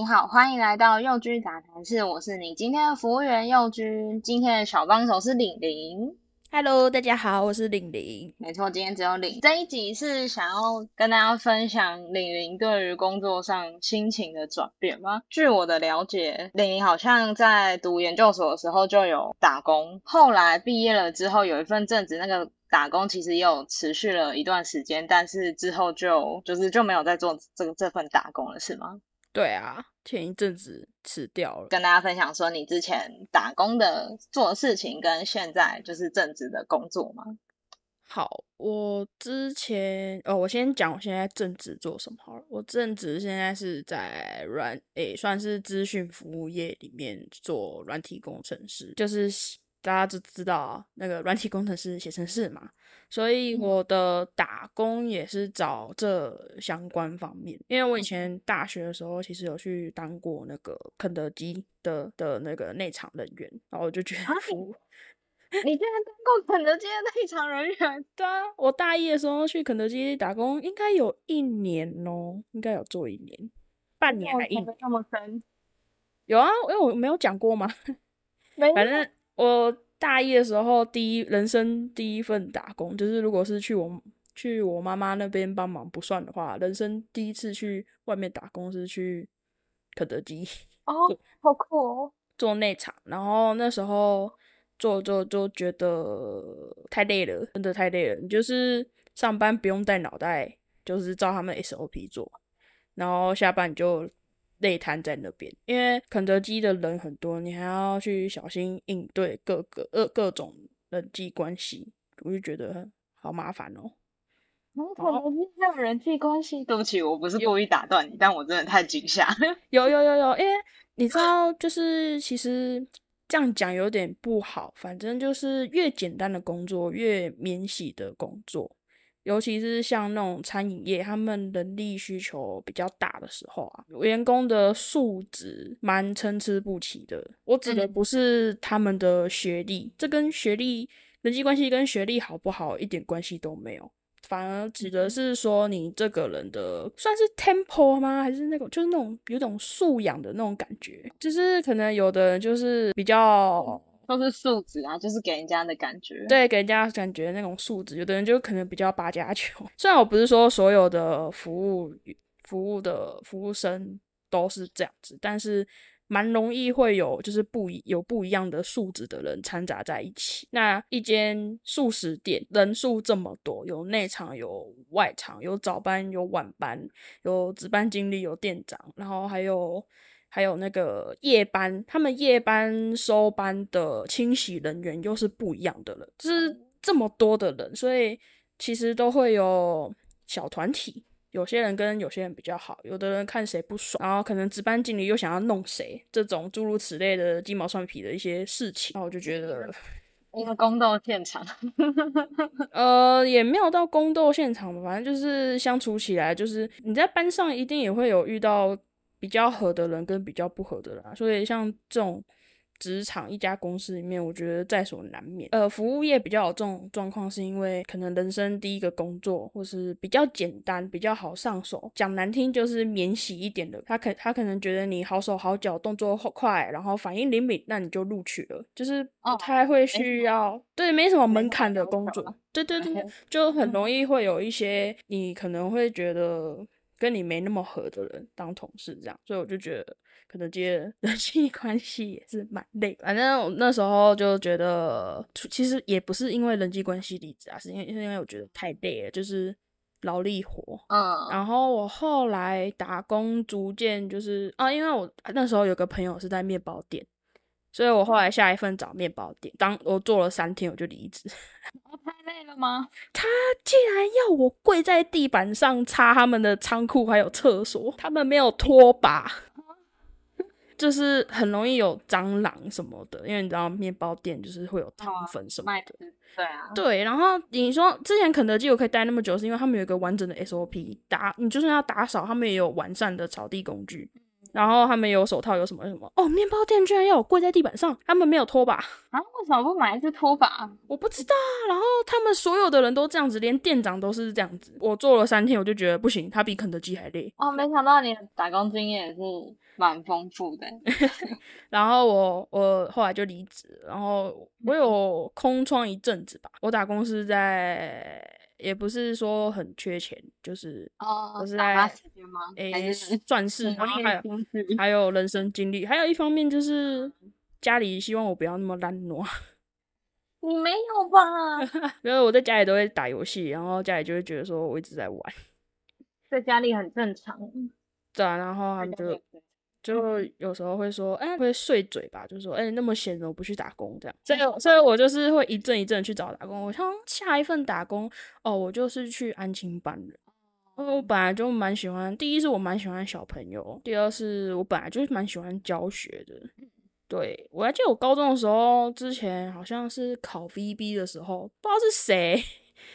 你好，歡迎來到祐 G 雜談室。我是你今天的服務員祐 G，今天的小幫手是00。Hello，大家好，我是00。沒錯，今天只有0。這一集是想要跟大家分享00對於工作上心情的轉變嗎？據我的了解，00好像在讀研究所的時候就有打工，後來畢業了之後有一份正職，那個打工其實又持續了一段時間，但是之後就就是就沒有再做這個這份打工了，是嗎？對啊，前一陣子辭掉了，跟大家分享說，你之前打工的做事情跟現在就是正職的工作嘛。好，我之前哦，我先講我現在正職做什麼好了。我正職現在是在軟誒、欸，算是資訊服務業裡面做軟體工程師，就是。大家都知道、啊、那個軟體工程師寫程式嘛，所以我的打工也是找這相關方面。因為我以前大學的時候，其實有去當過那個肯德基的的那個內場人員，然後我就覺得、啊你，你竟然當過肯德基的內場人員？ 對啊，我大一的時候去肯德基打工，應該有一年哦、喔，應該有做一年，半年還一年，那麼深？有啊，因、欸、為我沒有講過嘛， 反正。我大一的時候，第一，人生第一份打工，就是如果是去我去我媽媽那邊幫忙不算的話，人生第一次去外面打工是去肯德基，哦，好酷哦，做內場，然後那時候做了做了就覺得太累了，真的太累了，你就是上班不用帶腦袋，就是照他們 SOP 做，然後下班你就。累癱在那邊，因為肯德基的人很多，你還要去小心應對各個呃各種人際關係，我就覺得好麻煩哦。怎麼會有人際關係？對不起，我不是故意打斷你，有但我真的太驚嚇。有有有有，哎，因為你知道，就是其實這樣講有點不好，反正就是越簡單的工作越免洗的工作。尤其是像那種餐飲業，他們人力需求比較大的時候啊，員工的素質蠻參差不齊的。嗯、我指的不是他們的學歷，這跟學歷、人際關係跟學歷好不好一點關係都沒有，反而指的是說你這個人的算是 temper 嗎？還是那種、個、就是那種有種素養的那種感覺？就是可能有的人就是比較。都是素質啊，就是給人家的感覺。對，給人家感覺那種素質。有的人就可能比較八家球，雖然我不是說所有的服務服務的服務生都是這樣子，但是蠻容易會有就是不一有不一樣的素質的人摻雜在一起。那一間素食店人數這麼多，有內場有外場，有早班有晚班，有值班經理有店長，然後還有。還有那個夜班，他們夜班收班的清洗人員又是不一樣的了，就是這麼多的人，所以其實都會有小團體，有些人跟有些人比較好，有的人看誰不爽，然後可能值班經理又想要弄誰，這種諸如此類的雞毛蒜皮的一些事情，那我就覺得一個宮鬥現場， 呃，也沒有到宮鬥現場，反正就是相處起來，就是你在班上一定也會有遇到。比較合的人跟比較不合的人，所以像這種職場一家公司裡面，我覺得在所難免。呃，服務業比較有這種狀況，是因為可能人生第一個工作，或是比較簡單、比較好上手，講難聽就是免洗一點的。他可他可能覺得你好手好腳，動作快，然後反應靈敏，那你就錄取了，就是不太會需要、哦、沒什麼、對沒什麼門檻的工作，啊、對對對，嗯、就很容易會有一些你可能會覺得。跟你沒那麼合的人當同事，這樣，所以我就覺得可能這些人際關係也是蠻累的。反正我那時候就覺得，其實也不是因為人際關係離職啊，是因為是因為我覺得太累了，就是勞力活。嗯。Uh. 然後我後來打工逐漸就是啊，因為我那時候有個朋友是在面包店，所以我後來下一份找面包店，當我做了三天我就離職。 累了嗎？他竟然要我跪在地板上擦他們的倉庫還有廁所，他們沒有拖把， 就是很容易有蟑螂什麼的。因為你知道，麵包店就是會有糖粉什麼的，Oh, nice. 對啊，對。然後你說之前肯德基我可以待那麼久，是因為他們有一個完整的 SOP，打你就算要打掃，他們也有完善的掃地工具。然後他們有手套，有什麼什麼哦？麵包店居然要我跪在地板上，他們沒有拖把啊？為什麼不買一只拖把？我不知道。然後他們所有的人都這樣子，連店長都是這樣子。我做了三天，我就覺得不行，他比肯德基還累。哦，沒想到你打工經驗也是蠻豐富的。 然後我我後來就離職，然後我有空窗一陣子吧。我打工是在。也不是說很缺錢，就是，就是，不、欸、是在，誒，鑽石還有， 還有人生經歷，還有一方面就是，家裡希望我不要那麼懶惰。你沒有吧？因為 我在家裡都會打遊戲，然後家裡就會覺得說我一直在玩，在家裡很正常。對，然後他們就。就有時候會說，哎、欸，會碎嘴吧，就是說，哎、欸，那麼閒，我不去打工這樣。所以，所以我就是會一陣一陣去找打工。我想下一份打工哦，我就是去安親班的，因、哦、為我本來就蠻喜歡。第一是我蠻喜歡小朋友，第二是我本來就是蠻喜歡教學的。對，我還記得我高中的時候，之前好像是考 V B 的時候，不知道是誰。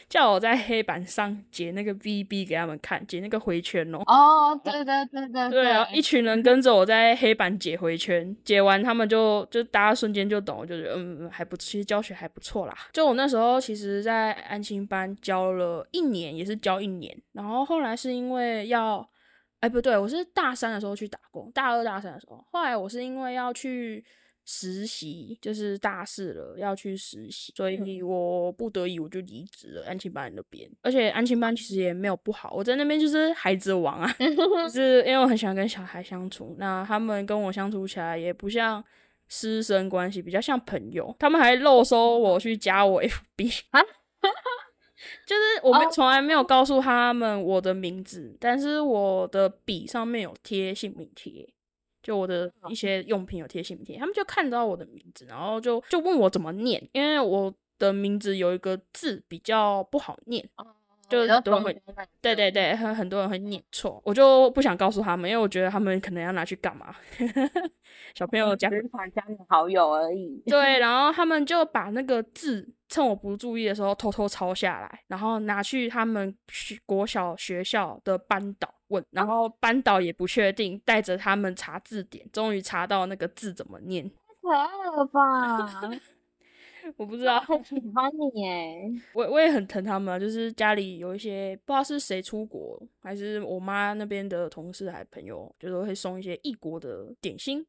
叫我在黑板上解那個 VB 給他們看，解那個迴圈哦、喔。哦，oh, 對對對對。對啊，一群人跟着我在黑板解迴圈，解完他們就就大家瞬間就懂，我就覺得嗯還不錯，其實教學還不錯啦。就我那時候其實，在安親班教了一年，也是教一年，然後後來是因為要，哎、欸、不對，我是大三的時候去打工，大二大三的時候，後來我是因為要去。實習就是大四了，要去實習，所以我不得已我就離職了、嗯、安親班那邊，而且安親班其實也沒有不好，我在那邊就是孩子王啊， 就是因為我很喜歡跟小孩相處，那他們跟我相處起來也不像師生關係，比較像朋友，他們還漏說我去加我 FB 啊，哈 就是我們從來沒有告訴他們我的名字，oh. 但是我的筆上面有貼姓名貼。就我的一些用品有貼姓名貼，好他們就看到我的名字，然後就就問我怎麼念，因為我的名字有一個字比較不好念。嗯就對對對，很很多人會念錯，嗯、我就不想告訴他們，因為我覺得他們可能要拿去幹嘛？ 小朋友加加、嗯、好友而已。對，然後他們就把那個字趁我不注意的時候偷偷抄下來，然後拿去他們學國小學校的班導問，然後班導也不確定，帶着他們查字典，終於查到那個字怎麼念，太可愛了吧。 我不知道，喜歡你哎！我我也很疼他們，就是家裡有一些不知道是誰出國，還是我媽那邊的同事還朋友，就是會送一些異國的點心。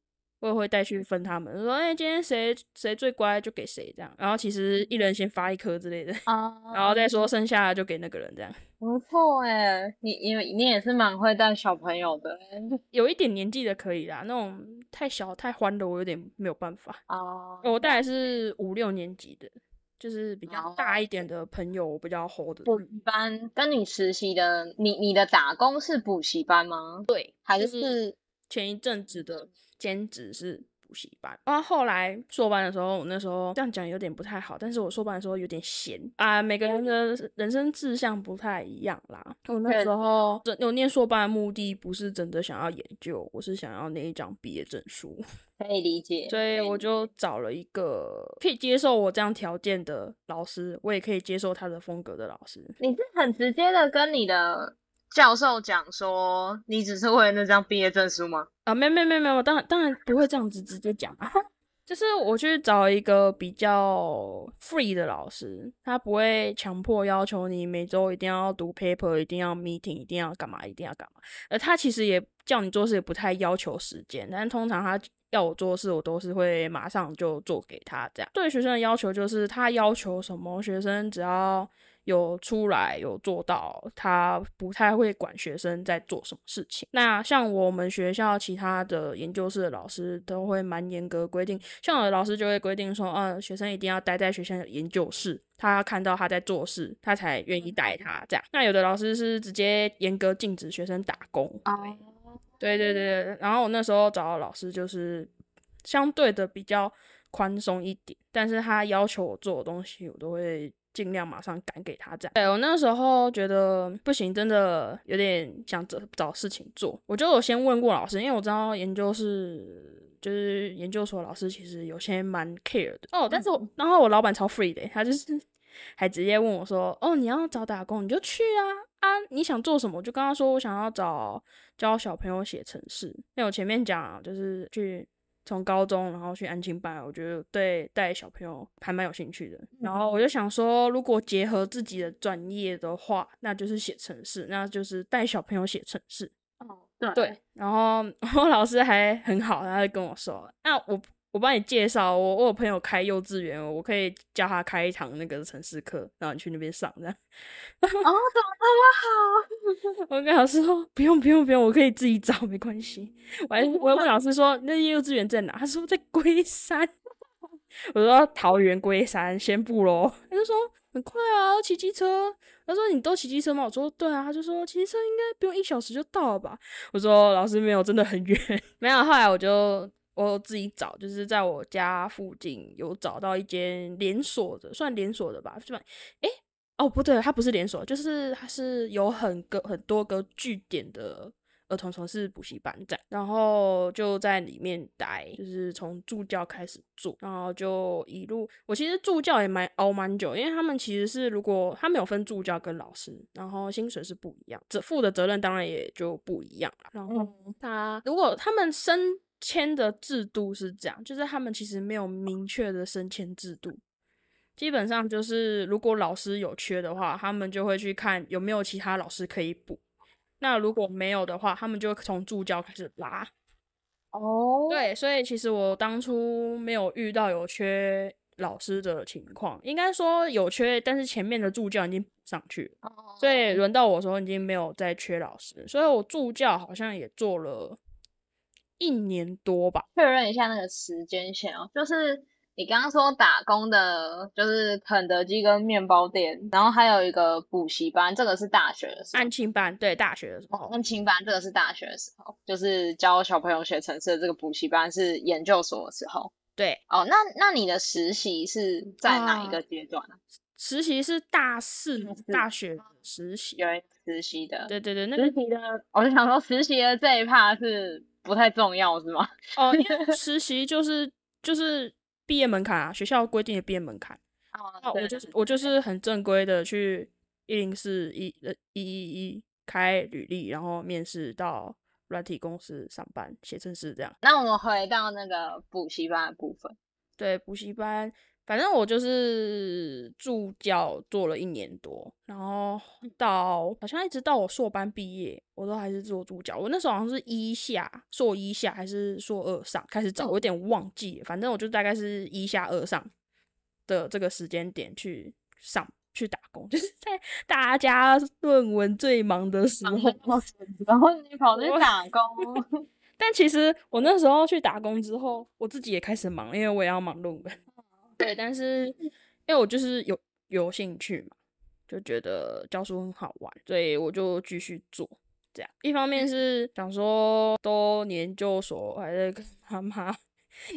我會帶去分他們，說：“哎、欸，今天誰誰最乖，就給誰。”這樣，然後其實一人先發一顆之類的，oh, 然後再說剩下的就給那個人。這樣不錯哎，你因為你也是蠻會帶小朋友的，有一點年紀的可以啦。那種太小太歡的，我有點沒有辦法。哦，oh, 我帶的是五六年級的，就是比較大一點的朋友，oh. 比較好的補習班？但你實習的，你你的打工是補習班嗎？對，還是，是前一陣子的。兼職是補習班然後、啊、後來碩班的時候，我那時候這樣講有點不太好，但是我碩班的時候有點閒啊、呃。每個人的人生志向不太一樣啦，嗯、我那時候有念碩班的目的不是真的想要研究，我是想要那一張畢業證書可，可以理解。所以我就找了一個可以接受我這樣條件的老師，我也可以接受他的風格的老師。你是很直接的跟你的。教授講說：“你只是為了那張畢業證書嗎？”啊，沒沒沒沒，當然當然不會這樣子直接講啊，就是我去找一個比較 free 的老師，他不會強迫要求你每周一定要讀 paper，一定要 meeting，一定要幹嘛，一定要幹嘛。而他其實也叫你做事，也不太要求時間，但通常他要我做事，我都是會馬上就做給他這樣。對學生的要求就是，他要求什麼，學生只要。有出來有做到，他不太會管學生在做什麼事情。那像我們學校其他的研究室的老師都會蠻嚴格規定，像有的老師就會規定說，嗯，學生一定要待在學校研究室，他看到他在做事，他才願意帶他這樣。那有的老師是直接嚴格禁止學生打工。對、Oh. 對對對，然後我那時候找的老師就是相對的比較寬鬆一點，但是他要求我做的東西，我都會。盡量馬上趕給他站，在我那時候覺得不行，真的有點想找找事情做。我就有先問過老師，因為我知道研究室就是研究所老師其實有些蠻 care 的哦。但是我、嗯，然後我老闆超 free 的，他就是還直接問我說：“ 哦，你要找打工你就去啊啊！你想做什麼？我就跟他說我想要找教小朋友寫程式。”那我前面講就是去，從高中然後去安親班，我覺得對帶小朋友還蠻有興趣的。然後我就想說，如果結合自己的專業的話，那就是寫程式，那就是帶小朋友寫程式。哦，對對。然後我老師還很好，他就跟我說：“那、啊、我。”我幫你介紹，我我有朋友開幼稚園，我可以叫他開一堂那個程式課，然後你去那邊上這樣。 哦，怎麼那麼好？我跟老師說不用不用不用，我可以自己找，沒關係。我還我還問老師說，那些幼稚園在哪？他說在龜山。 我說桃園龜山，先不咯他，啊。他就說很快啊，要騎機車。他說你都騎機車嗎？我說對啊。他就說騎車應該不用一小時就到了吧？我說老師沒有，真的很遠。 沒有、啊，後來我就。我自己找，就是在我家附近有找到一間連鎖的，算連鎖的吧，是吧？哎，哦不對，它不是連鎖，就是它是有很多很多個據點的兒童程式補習班在，然後就在裡面待，就是從助教開始做，然後就一路，我其實助教也蠻熬蠻久，因為他們其實是如果他們有分助教跟老師，然後薪水是不一樣，只負責的責任當然也就不一樣了，然後他如果他們升。簽的制度是這樣，就是他們其實沒有明確的升遷制度，基本上就是如果老師有缺的話，他們就會去看有沒有其他老師可以補。那如果沒有的話，他們就從助教開始拉。哦，oh. 對，所以其實我當初沒有遇到有缺老師的情況，應該說有缺，但是前面的助教已經補上去了，所以輪到我時候已經沒有再缺老師，所以我助教好像也做了。一年多吧，確認一下那個時間線哦。就是你剛剛說打工的，就是肯德基跟麵包店，然後還有一個補習班，這個是大學的時候。安親班，對，大學的時候。安親、哦、班這個是大學的時候，就是教小朋友學程式的這個補習班是研究所的時候。對，哦，那那你的實習是在哪一個階段？啊、實習是大四是大，學大學實習，實習的。對對對，那個、實習的，我就想說實習的這一趴是。不太重要是嗎？哦，oh, 因為實習就是就是畢業門檻啊，學校規定的畢業門檻。Oh, 那我就是對我就是很正規的去一零四一呃一一一開履歷，然後面試到軟體公司上班，寫程式這樣。那我們回到那個補習班的部分，對補習班。反正我就是助教做了一年多，然後到好像一直到我碩班畢業，我都還是做助教。我那時候好像是一下碩一下還是碩二上開始找，我有點忘記。反正我就大概是一下二上的這個時間點去上去打工，就是在大家論文最忙的時候，忙忙然後你跑去打工。 但其實我那時候去打工之後，我自己也開始忙，因為我也要忙論文。對，但是因為我就是有有興趣嘛，就覺得教書很好玩，所以我就繼續做。這樣一方面是想說，都研究所還在跟媽媽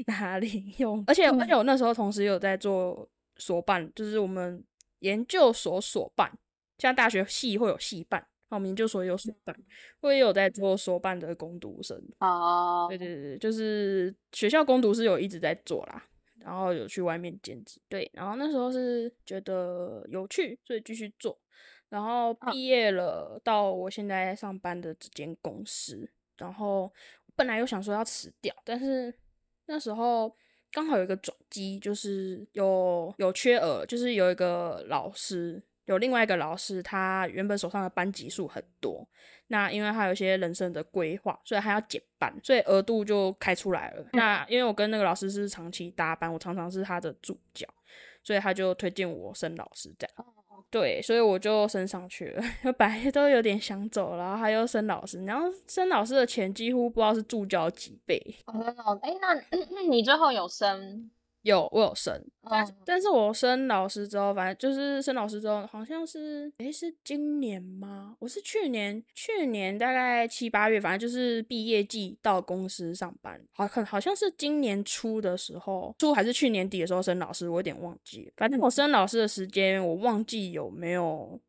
拿零用，而且對而且我那時候同時有在做所辦，就是我們研究所所辦，像大學系會有系辦，那我們研究所也有所辦，會有在做所辦的工讀生哦，oh. 對對對，就是學校工讀是有一直在做啦。然後有去外面兼職，對，然後那時候是覺得有趣，所以繼續做。然後畢業了，啊、到我現在上班的這間公司，然後本來又想說要辭掉，但是那時候剛好有一個轉機，就是有有缺額，就是有一個老師。有另外一個老師，他原本手上的班級數很多，那因為他有一些人生的規劃，所以他要減班，所以額度就開出來了。嗯、那因為我跟那個老師是長期搭班，我常常是他的助教，所以他就推薦我升老師，這樣。哦、對，所以我就升上去了。我本來都有點想走，然後他又升老師，然後升老師的錢幾乎不知道是助教幾倍。哦，哎，那、嗯嗯、那你最後有升？有，我有升，但、哦、但是我升老師之後，反正就是升老師之後，好像是，哎、欸、是今年嗎？我是去年，去年大概七八月，反正就是畢業季到公司上班，好像好像是今年初的時候，初還是去年底的時候升老師，我有點忘記了。反正我升老師的時間，我忘記有沒有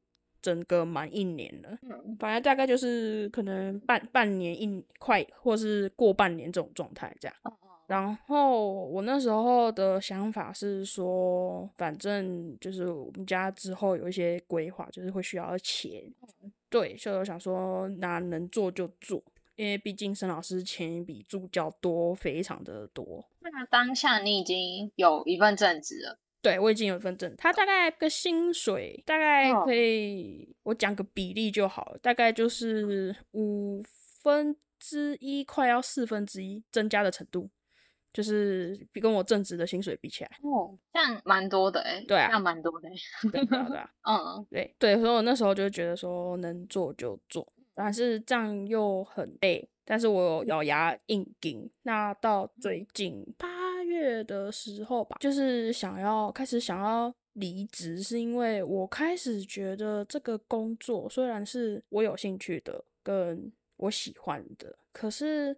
整個滿一年了。嗯、反正大概就是可能半半年一快，或是過半年這種狀態這樣。哦然後我那時候的想法是說，反正就是我們家之後有一些規劃，就是會需要錢。嗯、對，所以我想說，那能做就做，因為畢竟沈老師錢比助教多，非常的多。那當下你已經有一份正職了？對，我已經有一份正職。他大概個薪水大概可以，哦、我講個比例就好，大概就是五分之一，5，快要四分之一增加的程度。就是比跟我正職的薪水比起來，哦，這樣蠻多的哎、欸。對啊，這樣蠻多的、欸 對。對啊，對啊 嗯，對對，所以我那時候就覺得說，能做就做，但是這樣又很累，但是我有咬牙硬頂。那到最近八月的時候吧，就是想要開始想要離職，是因為我開始覺得這個工作雖然是我有興趣的、跟我喜歡的，可是。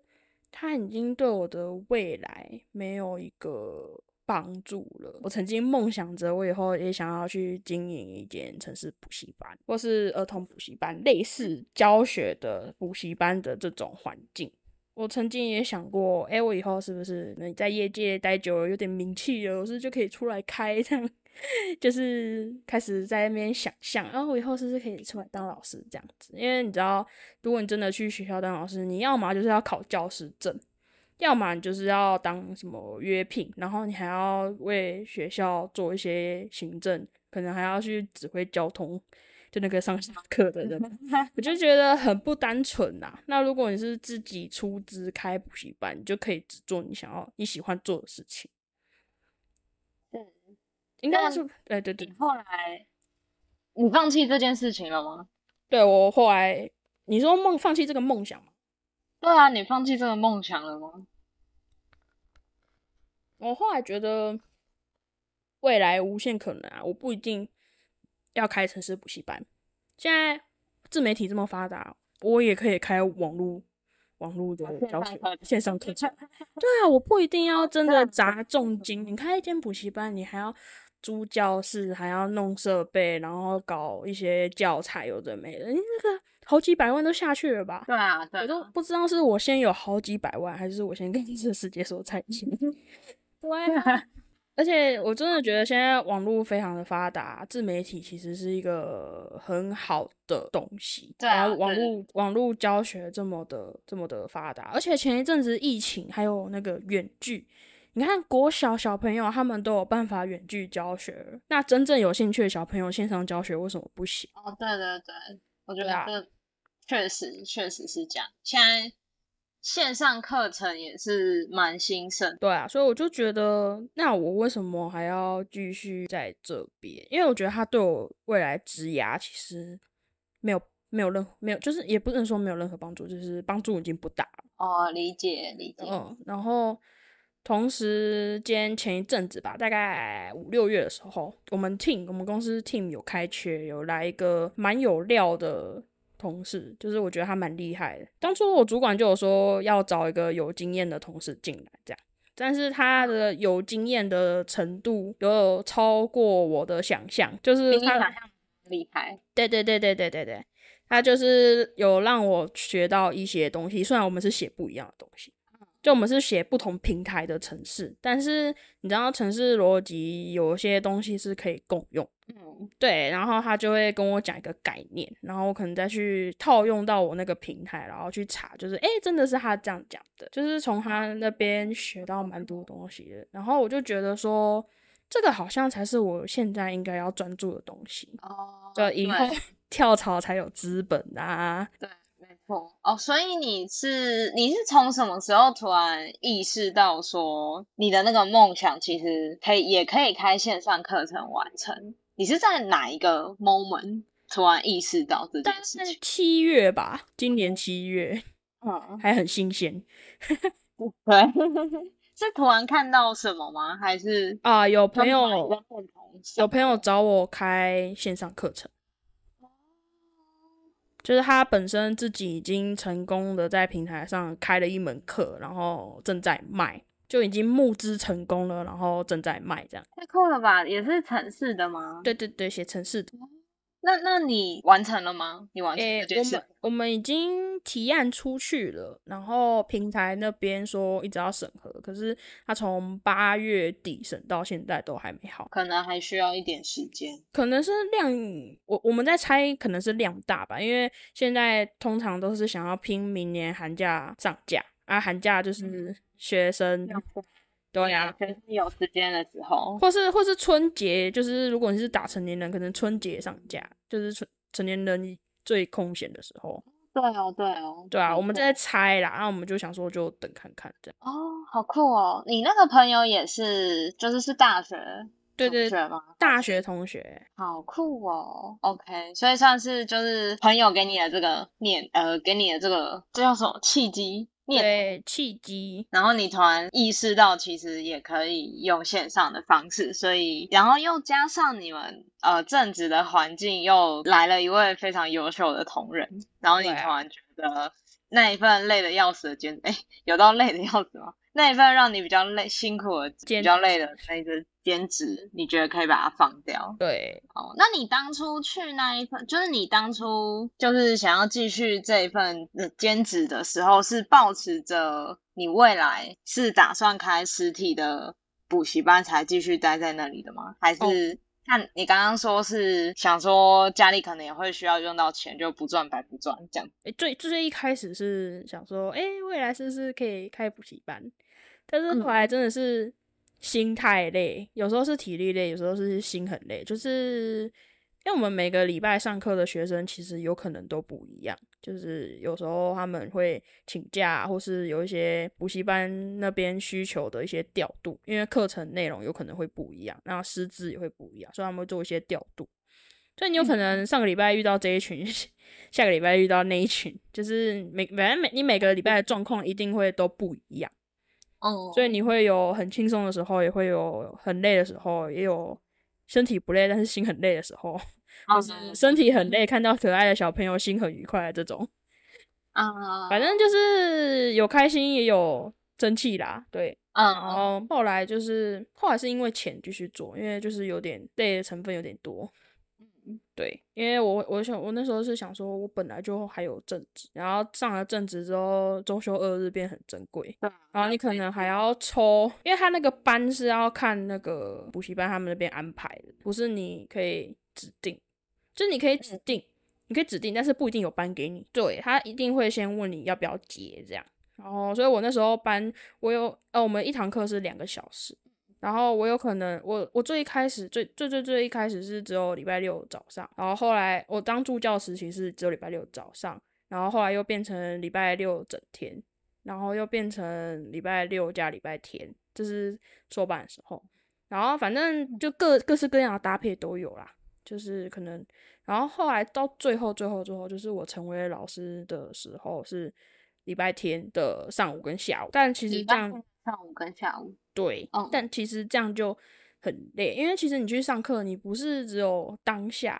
他已經對我的未來沒有一個幫助了。我曾經夢想着，我以後也想要去經營一間程式補習班，或是兒童補習班，類似教學的補習班的這種環境。我曾經也想過，哎，我以後是不是能在業界待久了有點名氣了，我是不是就可以出來開這樣。就是開始在那邊想象然後我以後是不是可以出來當老師這樣子？因為你知道，如果你真的去學校當老師，你要嘛就是要考教師證，要麼就是要當什麼約聘，然後你還要為學校做一些行政，可能還要去指揮交通，就那個上下課的人。 我就覺得很不單純吶、啊。那如果你是自己出資開補習班，你就可以只做你想要、你喜歡做的事情。應該是對對對。後來，你放棄這件事情了嗎？對我後來，你說夢放棄這個夢想嗎？對啊，你放棄這個夢想了嗎？我後來覺得未來無限可能啊！我不一定要開程式補習班。現在自媒體這麼發達，我也可以開網絡網絡的教學線上課程。對啊，我不一定要真的砸重金。你開一間補習班，你還要。租教室還要弄設備，然後搞一些教材，有的沒的，你、嗯、那個好幾百萬都下去了吧？對啊，對我都不知道是我先有好幾百萬，還是我先跟你這個世界說再見。 對啊，對啊 而且我真的覺得現在網絡非常的發達，自媒體其實是一個很好的東西。對，啊、對。然後網絡網絡教學這麼的這麼的發達，而且前一陣子疫情，還有那個遠距。你看國小小朋友，他們都有辦法遠距教學。那真正有興趣的小朋友，線上教學為什麼不行？哦，對對對，我覺得這確實、啊、確實是這樣。現在線上課程也是蠻興盛的。對啊，所以我就覺得，那我為什麼還要繼續在這邊？因為我覺得他對我未來職涯其實沒有沒有任何沒有，就是也不能說沒有任何幫助，就是幫助已經不大了。哦，理解理解。嗯，然後。同時間前一陣子吧，大概五六月的時候，我們 team 我們公司 team 有開缺，有來一個蠻有料的同事，就是我覺得他蠻厲害的。當初我主管就有說要找一個有經驗的同事進來，這樣。但是他的有經驗的程度有超過我的想象，就是他想象厲害。對對對對對對對，他就是有讓我學到一些東西，雖然我們是寫不一樣的東西。就我們是寫不同平台的程式，但是你知道程式邏輯有一些東西是可以共用，嗯，對。然後他就會跟我講一個概念，然後我可能再去套用到我那個平台，然後去查，就是誒、欸、真的是他這樣講的，就是從他那邊學到蠻多東西的。然後我就覺得說，這個好像才是我現在應該要專注的東西，哦，就以對，以後跳槽才有資本啊，對。哦，所以你是你是從什麼時候突然意識到說，你的那個夢想其實可以也可以開線上課程完成？你是在哪一個 moment 突然意識到自己事？但是七月吧，今年七月，嗯、啊，還很新鮮。不會 是突然看到什麼嗎？還是啊，有朋友有朋友找我開線上課程。就是他本身自己已經成功的在平台上開了一門課，然後正在賣，就已經募資成功了，然後正在賣這樣。太酷了吧！也是程式的嗎？對對對，寫程式的。嗯那那你完成了嗎？你完成，欸？我們我們已經提案出去了，然後平台那邊說一直要審核，可是他從八月底審到現在都還沒好，可能還需要一點時間。可能是量，我我們在猜，可能是量大吧，因為現在通常都是想要拼明年寒假上架啊，寒假就是學生。嗯對呀、啊，全是有時間的時候，或是或是春節，就是如果你是打成年人，可能春節上架，就是成成年人最空閒的時候。對哦，對哦，對啊，對我們在猜啦，然後、嗯啊、我們就想說，就等看看這樣。哦，好酷哦！你那個朋友也是，就是是大學，對對對嗎？大學同學，好酷哦。OK，所以算是就是朋友給你的這個念，呃，給你的這個，這叫什麼契機？對，契機，然後你突然意識到，其實也可以用線上的方式，所以，然後又加上你們呃正職的環境，又來了一位非常優秀的同仁，然後你突然覺得那一份累得要死的兼職，啊、哎，有到累得要死嗎？那一份讓你比較累、辛苦的、比較累的那一個兼職，兼職你覺得可以把它放掉？對。哦，那你當初去那一份，就是你當初就是想要繼續這一份兼職的時候，是抱持着你未來是打算開實體的補習班才繼續待在那裡的嗎？還是？哦那你剛剛說是想說家裡可能也會需要用到錢，就不賺白不賺這樣子。哎、欸，最最最一開始是想說，哎、欸，未來是不是可以開補習班？但是後來真的是心太累，嗯、有時候是體力累，有時候是心很累，就是因為我們每個禮拜上課的學生其實有可能都不一樣。就是有時候他們會請假，或是有一些補習班那邊需求的一些調度，因為課程內容有可能會不一樣，然後師資也會不一樣，所以他們會做一些調度。所以你有可能上個禮拜遇到這一群，嗯、 下個禮拜遇到那一群，就是每反正每你每個禮拜的狀況一定會都不一樣。哦。Oh. 所以你會有很輕鬆的時候，也會有很累的時候，也有身體不累但是心很累的時候。就是身體很累，嗯、看到可愛的小朋友心很愉快這種，啊、嗯，反正就是有開心也有爭氣啦，對，嗯，然後後來就是後來是因為錢繼續做，因為就是有點累的成分有點多，對，因為我我想我那時候是想說，我本來就還有正職，然後上了正職之後，週休二日變很珍貴，對、嗯，然後你可能還要抽，嗯、因為他那個班是要看那個補習班他們那邊安排的，不是你可以。指定，就是你可以指定，嗯、你可以指定，但是不一定有班給你。對，他一定會先問你要不要接這樣，然後，所以我那時候班我有呃，我們一堂課是兩個小時，然後我有可能我我最一開始最最最最一開始是只有禮拜六早上，然後後來我當助教時期是只有禮拜六早上，然後後來又變成禮拜六整天，然後又變成禮拜六加禮拜天，這是收班的時候，然後反正就各各式各樣的搭配都有啦。就是可能，然後後來到最後、最後、最後，就是我成為老師的時候是禮拜天的上午跟下午，但其實這樣上午跟下午對，哦、但其實這樣就很累，因為其實你去上課，你不是只有當下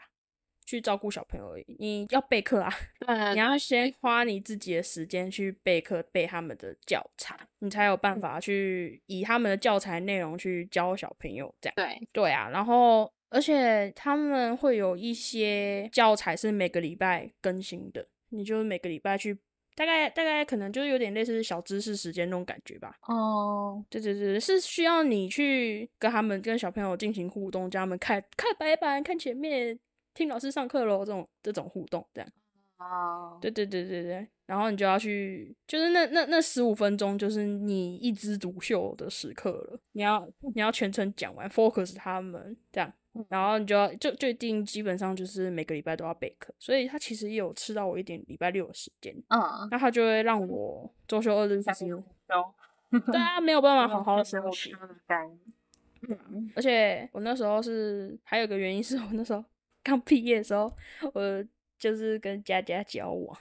去照顧小朋友而已，你要備課啊，對的， 你要先花你自己的時間去備課、備他們的教材，你才有辦法去以他們的教材的內容去教小朋友這樣。對對啊，然後。而且他們會有一些教材是每個禮拜更新的，你就每個禮拜去，大概大概可能就是有點類似小知識時間那種感覺吧。哦，oh. 對對對，是需要你去跟他們、跟小朋友進行互動，叫他們看看白板、看前面、聽老師上課嘍，這種這種互動這樣。哦、oh. 對對對對對，然後你就要去，就是那那那十五分鐘就是你一枝獨秀的時刻了，你要你要全程講完 ，focus 他們這樣。嗯、然後你就要就就一定基本上就是每個禮拜都要備課，所以他其實也有吃到我一點禮拜六的時間。嗯，那他就會讓我周休二日自、嗯、對啊，沒有辦法好好休息。嗯、而且我那時候是還有個原因是我那時候剛畢業的時候，我就是跟佳佳交往，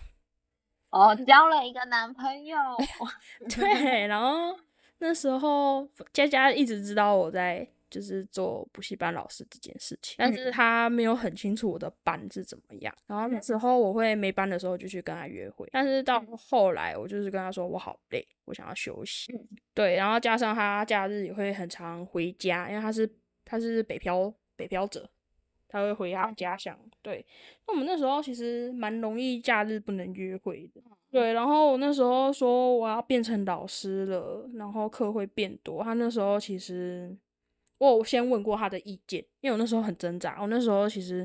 哦，交了一個男朋友。 對，然後那時候佳佳一直知道我在。就是做補習班老師這件事情，但是他沒有很清楚我的班是怎麼樣。嗯、然後那時候我會沒班的時候就去跟他約會，但是到後來我就是跟他說我好累，我想要休息。嗯、對，然後加上他假日也會很常回家，因為他是他是北漂北漂者，他會回他家鄉。對，那我們那時候其實蠻容易假日不能約會的。對，然後我那時候說我要變成老師了，然後課會變多。他那時候其實。我先問過他的意見，因為我那時候很掙扎。我那時候其實，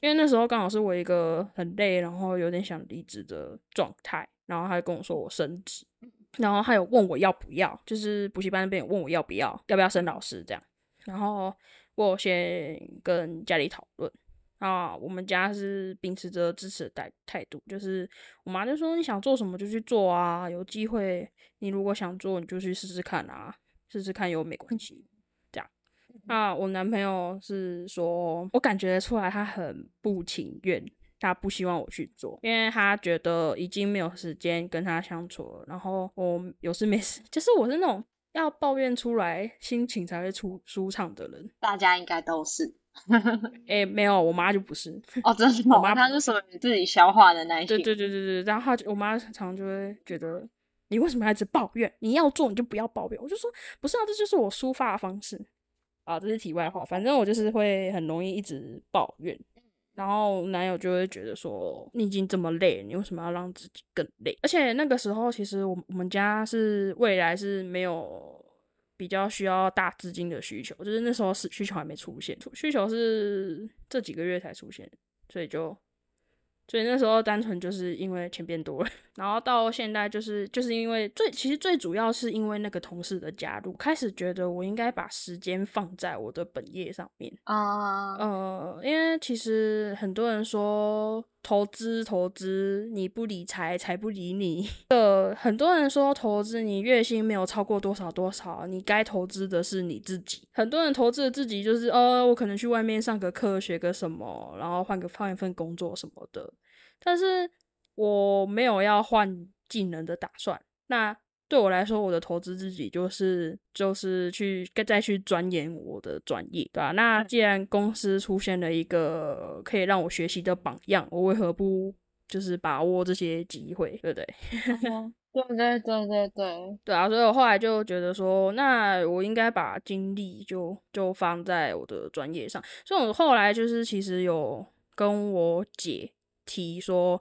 因為那時候剛好是我一個很累，然後有點想離職的狀態。然後他就跟我說我升職，然後還有問我要不要，就是補習班那邊問我要不要，要不要升老師這樣。然後我先跟家裡討論啊，然後我們家是秉持着支持的態度，就是我媽就說你想做什麼就去做啊，有機會你如果想做你就去試試看啊，試試看又沒關係。啊，我男朋友是說，我感覺出來他很不情願，他不希望我去做，因為他覺得已經沒有時間跟他相處了。然後我有事沒事，就是我是那種要抱怨出來，心情才會舒舒暢的人。大家應該都是。哎、 欸，沒有，我媽就不是。哦，真的、哦，我媽她是屬於自己消化的那一種。對對對對對，然後我媽常常就會覺得，你為什麼還一直抱怨？你要做你就不要抱怨。我就說，不是啊，這就是我抒發的方式。啊，這是題外話。反正我就是會很容易一直抱怨，然後男友就會覺得說：“你已經這麼累，你為什麼要讓自己更累？”而且那個時候，其實我我們家是未來是沒有比較需要大資金的需求，就是那時候需求還沒出現，需求是這幾個月才出現，所以就。所以那時候單純就是因為錢變多了，然後到現在就是就是因為最其實最主要是因為那個同事的加入，開始覺得我應該把時間放在我的本業上面啊，uh. 呃，因為其實很多人說投資投資你不理財財不理你的、 呃，很多人說投資你月薪沒有超過多少多少，你該投資的是你自己。很多人投資的自己就是呃，我可能去外面上個課學個什麼，然後換個換一份工作什麼的。但是我沒有要換技能的打算。那對我來說，我的投資自己就是就是去該再去鑽研我的專業，對吧、啊？那既然公司出現了一個可以讓我學習的榜樣，我為何不就是把握這些機會，對不對、嗯、對對對對 對啊！所以我後來就覺得說，那我應該把精力就就放在我的專業上。所以我後來就是其實有跟我姐。提說，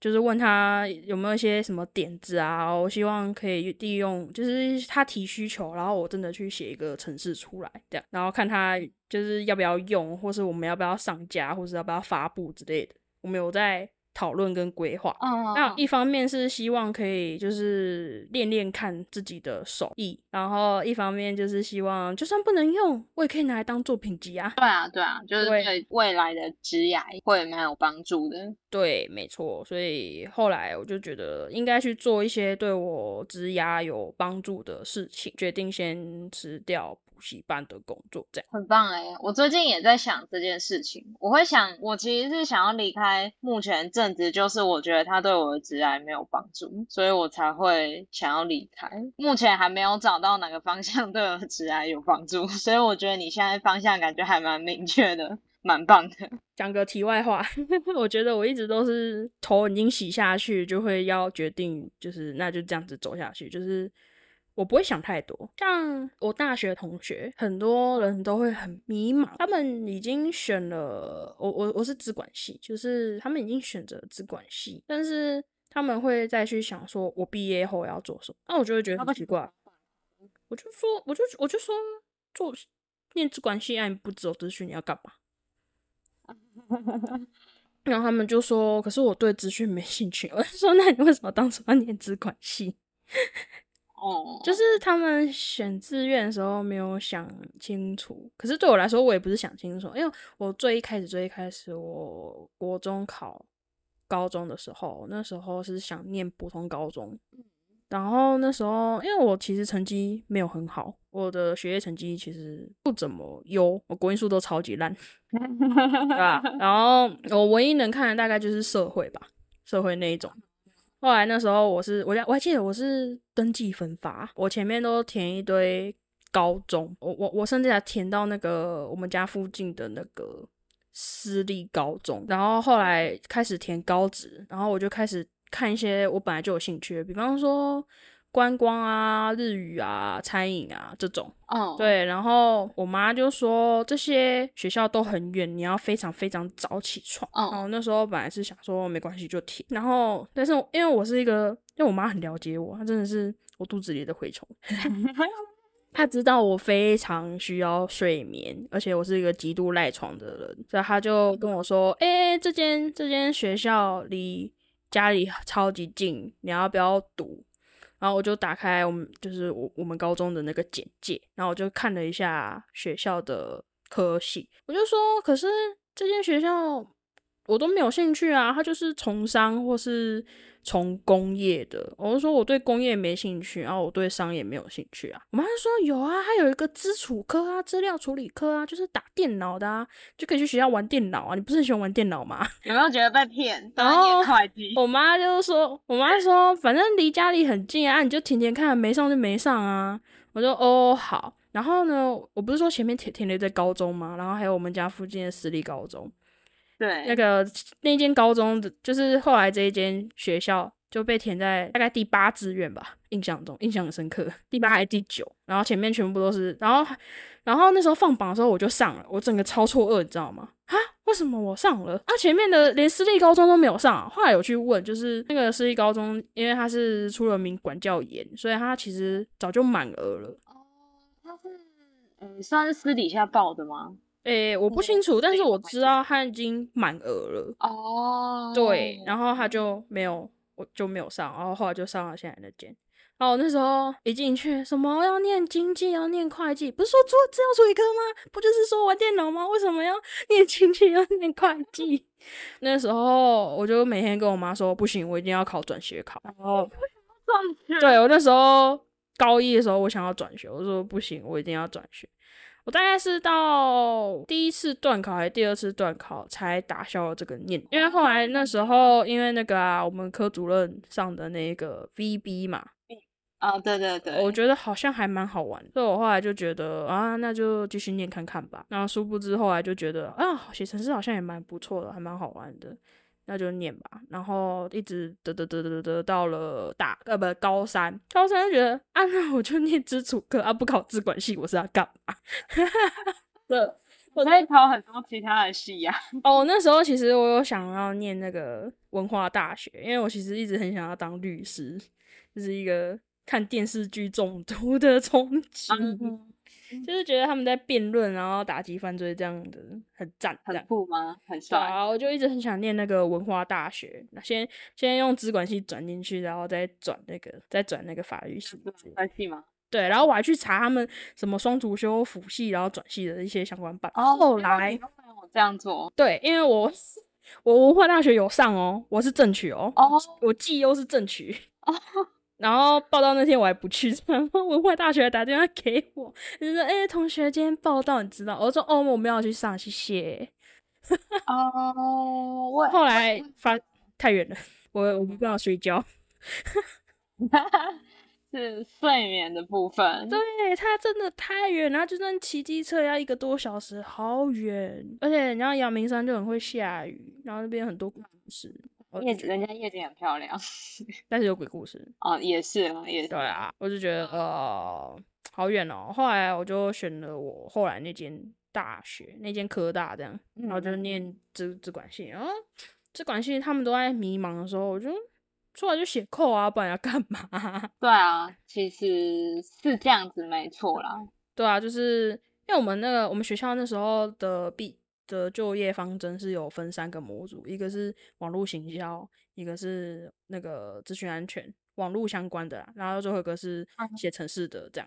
就是問他有沒有一些什麼點子啊？我希望可以利用，就是他提需求，然後我真的去寫一個程式出來，這樣，然後看他就是要不要用，或是我們要不要上架，或是要不要發布之類的。我們有在。討論跟規劃，那一方面是希望可以就是練練看自己的手藝，然後一方面就是希望就算不能用，我也可以拿來當作品集啊。對啊，對啊，就是對未來的職涯會蠻有幫助的對。對，沒錯。所以後來我就覺得應該去做一些對我職涯有幫助的事情，決定先辭掉補習班的工作。這樣。很棒哎、欸！我最近也在想這件事情，我會想，我其實是想要離開目前正。就是我覺得他對我的直癌沒有幫助，所以我才會想要離開。目前還沒有找到哪個方向對我的直癌有幫助，所以我覺得你現在方向感覺還蠻明確的，蠻棒的。講個題外話，我覺得我一直都是頭已經洗下去，就會要決定，就是那就這樣子走下去，就是。我不會想太多，像我大學的同學，很多人都會很迷茫。他們已經選了，我我我是資管系，就是他們已經選擇了資管系，但是他們會再去想說，我畢業後我要做什麼？那我就會覺得很奇怪。啊、我就說，我就我就說，做念資管系，那你不走資訊，你要幹嘛？ 然後他們就說，可是我對資訊沒興趣。我就說，那你為什麼當初要念資管系？ 哦，就是他們選志願的時候沒有想清楚，可是對我來說，我也不是想清楚，因為我最一開始、最一開始，我國中考高中的時候，那時候是想念普通高中，然後那時候因為我其實成績沒有很好，我的學業成績其實不怎麼優，我國英數都超級爛， 對吧？然後我唯一能看的大概就是社會吧，社會那一種。後來那時候我是，我我還記得我是登記分發，我前面都填一堆高中，我我我甚至還填到那個我們家附近的那個私立高中，然後後來開始填高職，然後我就開始看一些我本來就有興趣的，比方說，觀光啊，日語啊，餐飲啊這種哦，oh. 對。然後我媽就說，這些學校都很遠，你要非常非常早起床。Oh. 然後那時候本來是想說沒關係就停，然後但是我因為我是一個，因為我媽很了解我，她真的是我肚子裡的蛔蟲， 她知道我非常需要睡眠，而且我是一個極度賴床的人，所以她就跟我說：“哎、欸，這間這間學校離家裡超級近，你要不要讀？”然後我就打開我們，就是我我們高中的那個簡介，然後我就看了一下學校的科系，我就說，可是這間學校我都沒有興趣啊，他就是從商或是。從工業的，我、哦、就說我對工業沒興趣，然、啊、後我對商業沒有興趣啊。我媽就說有啊，還有一個基礎科啊，資料處理科啊，就是打電腦的，啊，就可以去學校玩電腦啊。你不是很喜歡玩電腦嗎？有沒有覺得被騙？然後、哦、我媽就說，我媽說反正離家裡很近啊，你就天天看，沒上就沒上啊。我說哦好，然後呢，我不是說前面填填了在高中嘛，然後還有我們家附近的私立高中。對，那個那一間高中的就是後來這一間學校就被填在大概第八志願吧，印象中印象很深刻，第八還是第九，然後前面全部都是，然後然後那時候放榜的時候我就上了，我整個超錯愕，你知道嗎？啊，為什麼我上了啊？前面的連私立高中都沒有上啊，後來有去問，就是那個私立高中，因為他是出了名管教嚴，所以他其實早就滿額了。哦，他是嗯，算是私底下報的嗎？誒、欸，我不清楚，嗯、但是我知道他已經滿額了哦。對，然後他就沒有，我就沒有上，然後後來就上了現在那間。然後我那時候一進去，什麼我要念經濟，要念會計，不是說做只要做一個嗎？不就是說玩電腦嗎？為什麼要念經濟，要念會計？ 那時候我就每天跟我媽說，不行，我一定要考轉學考。哦，轉學。對，我那時候高一的時候，我想要轉學，我說不行，我一定要轉學。我大概是到第一次段考還是第二次段考才打消了這個念，因為後來那時候因為那個啊，我們科主任上的那個 VB 嘛，啊對對對，我覺得好像還蠻好玩，所以我後來就覺得啊，那就繼續念看看吧。然後殊不知後來就覺得啊，寫程式好像也蠻不錯的，還蠻好玩的。那就念吧，然後一直得得得得得，到了大，呃，不是高三，高三就覺得啊，那我就念資處科啊，不考資管系，我是要幹嘛？哈哈哈哈哈。我在考很多其他的系呀、啊。哦，那時候其實我有想要念那個文化大學，因為我其實一直很想要當律師，就是一個看電視劇中毒的衝擊。嗯就是覺得他們在辯論，然後打擊犯罪這樣的很贊，很酷嗎？很帥。啊，我就一直很想念那個文化大學，那先先用資管系轉進去，然後再轉那個，再轉那個法律系。對，然後我還去查他們什麼雙主修輔系，然後轉系的一些相關辦法。哦，oh, 後來，我這樣做？對，因為我我文化大學有上哦、喔，我是正取哦、喔，哦、oh.，我技優是正取哦。然後報到那天我還不去，然後文化大學來打電話給我，就說、是：“哎、欸，同學，今天報到，你知道？”我說：“哦，我沒有去上，謝謝。 ”哦，我，我後來發太遠了，我我不要睡覺， 哈哈，是睡眠的部分。對，他真的太遠，然後就算騎機車要一個多小時，好遠。而且你知道，然後陽明山就很會下雨，然後那邊很多故事。夜景，人家夜景很漂亮， 但是有鬼故事。哦，也是啊，也是。對啊，我就覺得、嗯、呃，好遠哦。後來我就選了我後來那間大學，那間科大這樣，嗯、然後就念資資管系。然後資管系他們都在迷茫的時候，我就出來就寫扣啊，不然要幹嘛？對啊，其實是這樣子，沒錯啦。對啊，就是因為我們那個我們學校那時候的畢。的就業方針是有分三個模組，一個是網絡行銷，一個是那個資訊安全，網絡相關的啦，然後最後一個是寫程式的這樣。